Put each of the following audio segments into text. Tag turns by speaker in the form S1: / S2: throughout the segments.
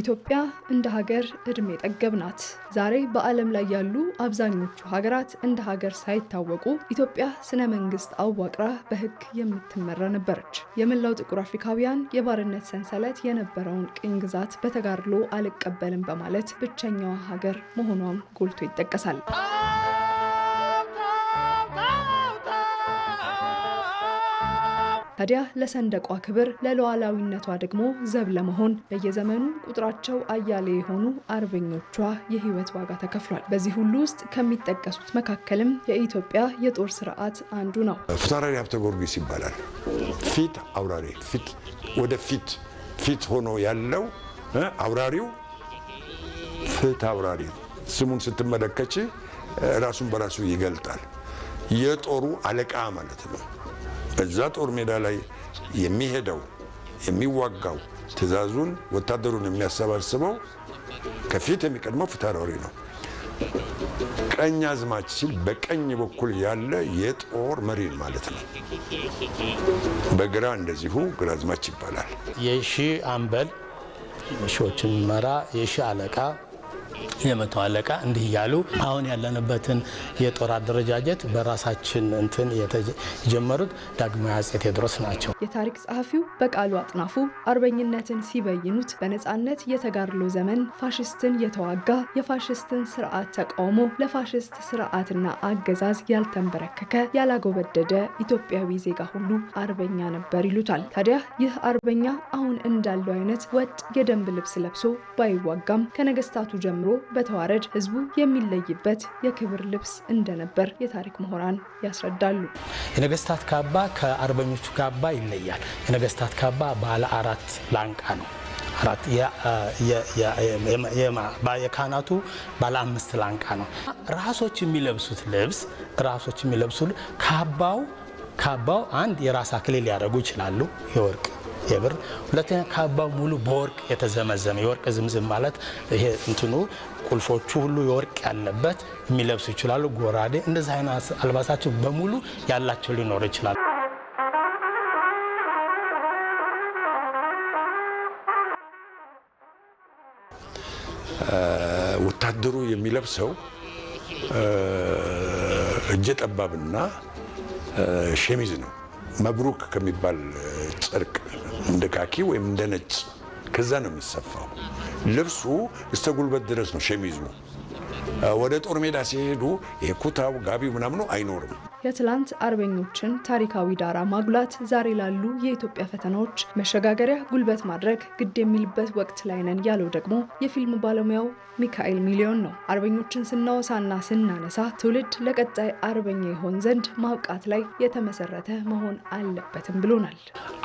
S1: ኢትዮጵያ እንደ ሀገር እድሜ ጠገብ ናት። ዛሬ በዓለም ላይ ያሉ አብዛኞቹ ሀገራት እንደ ሀገር ሳይታወቁ ኢትዮጵያ ስነ መንግስት አዋቅራ በህግ የምትመራ ነበረች። የመላው ጥቁር አፍሪካውያን የባርነት ሰንሰለት የነበረውን ቅኝ ግዛት በተጋድሎ አልቀበልም በማለት ብቸኛዋ ሀገር መሆኗም ጎልቶ ይጠቀሳል። ታዲያ ለሰንደቋ ክብር ለሉዓላዊነቷ ደግሞ ዘብ ለመሆን በየዘመኑ ቁጥራቸው አያሌ የሆኑ አርበኞቿ የህይወት ዋጋ ተከፍሏል። በዚህ ሁሉ ውስጥ ከሚጠቀሱት መካከልም የኢትዮጵያ የጦር ስርዓት አንዱ ነው።
S2: ፊታውራሪ ሀብተ ጊዮርጊስ ይባላል። ፊት አውራሪ ፊት ወደፊት ፊት ሆኖ ያለው አውራሪው ፊት አውራሪ ስሙን ስትመለከች ራሱን በራሱ ይገልጣል። የጦሩ አለቃ ማለት ነው። በዛ ጦር ሜዳ ላይ የሚሄደው የሚዋጋው ትዕዛዙን ወታደሩን የሚያሰባስበው ከፊት የሚቀድመው ፊታውራሪ ነው። ቀኝ አዝማች ሲል በቀኝ በኩል ያለ የጦር መሪን ማለት ነው። በግራ እንደዚሁ ግራ አዝማች ይባላል።
S3: የሺ አምበል ሺዎችን መራ የሺ አለቃ የመቶ አለቃ እንዲህ እያሉ አሁን ያለንበትን የጦር አደረጃጀት በራሳችን እንትን የተጀመሩት ዳግማዊ አፄ ቴዎድሮስ ናቸው።
S1: የታሪክ ጸሐፊው በቃሉ አጥናፉ አርበኝነትን ሲበይኑት በነፃነት የተጋድሎ ዘመን ፋሽስትን የተዋጋ የፋሽስትን ስርዓት ተቃውሞ ለፋሽስት ስርዓትና አገዛዝ ያልተንበረከከ ያላጎበደደ ኢትዮጵያዊ ዜጋ ሁሉ አርበኛ ነበር ይሉታል። ታዲያ ይህ አርበኛ አሁን እንዳለው አይነት ወጥ የደንብ ልብስ ለብሶ ባይዋጋም ከነገስታቱ ጀምሮ ተከብሮ በተዋረድ ህዝቡ የሚለይበት የክብር ልብስ እንደነበር የታሪክ ምሁራን ያስረዳሉ።
S4: የነገስታት ካባ ከአርበኞቹ ካባ ይለያል። የነገስታት ካባ ባለ አራት ላንቃ ነው። አራት የካህናቱ ባለ አምስት ላንቃ ነው። ራሶች የሚለብሱት ልብስ ራሶች የሚለብሱት ካባው ካባው አንድ የራስ አክሊል ሊያደርጉ ይችላሉ የወርቅ የብር ሁለተኛ ካባ ሙሉ በወርቅ የተዘመዘመ የወርቅ ዝምዝም ማለት ይሄ እንትኑ ቁልፎቹ ሁሉ የወርቅ ያለበት የሚለብሱ ይችላሉ። ጎራዴ፣ እንደዚህ አይነት አልባሳቸው በሙሉ ያላቸው ሊኖር ይችላሉ።
S2: ወታደሩ የሚለብሰው እጀ ጠባብና ሸሚዝ ነው። መብሩክ ከሚባል ጨርቅ እንደ ካኪ ወይም እንደ ነጭ ከዛ ነው የሚሰፋው። ልብሱ እስከ ጉልበት ድረስ ነው ሸሚዙ። ወደ ጦር ሜዳ ሲሄዱ የኩታው ጋቢው ምናምኑ አይኖርም።
S1: የትላንት አርበኞችን ታሪካዊ ዳራ ማጉላት፣ ዛሬ ላሉ የኢትዮጵያ ፈተናዎች መሸጋገሪያ ጉልበት ማድረግ ግድ የሚልበት ወቅት ላይ ነን ያለው ደግሞ የፊልም ባለሙያው ሚካኤል ሚሊዮን ነው። አርበኞችን ስናወሳና ስናነሳ ትውልድ ለቀጣይ አርበኛ ይሆን ዘንድ ማብቃት ላይ የተመሰረተ መሆን አለበትም ብሎናል።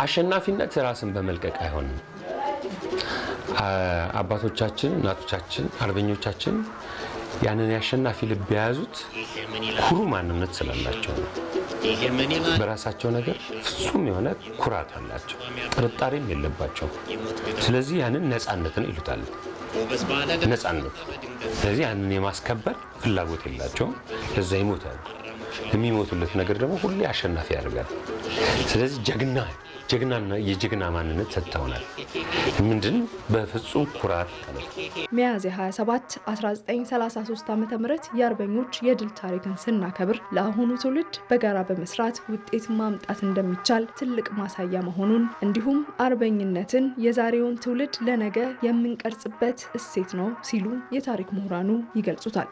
S5: አሸናፊነት ራስን በመልቀቅ አይሆንም። አባቶቻችን፣ እናቶቻችን፣ አርበኞቻችን ያንን የአሸናፊ ልብ የያዙት ኩሩ ማንነት ስላላቸው ነው። በራሳቸው ነገር ፍጹም የሆነ ኩራት አላቸው፣ ጥርጣሬም የለባቸው። ስለዚህ ያንን ነፃነት ነው ይሉታል። ነፃነት። ስለዚህ ያንን የማስከበር ፍላጎት የላቸውም። ለዛ ይሞታሉ። የሚሞቱለት ነገር ደግሞ ሁሌ አሸናፊ ያደርጋል። ስለዚህ ጀግና ጀግናና የጀግና ማንነት ሰጥተውናል። ምንድን በፍጹም ኩራት ነው።
S1: ሚያዝያ 27 1933 ዓ ም የአርበኞች የድል ታሪክን ስናከብር ለአሁኑ ትውልድ በጋራ በመስራት ውጤት ማምጣት እንደሚቻል ትልቅ ማሳያ መሆኑን እንዲሁም አርበኝነትን የዛሬውን ትውልድ ለነገ የምንቀርጽበት እሴት ነው ሲሉ የታሪክ ምሁራኑ ይገልጹታል።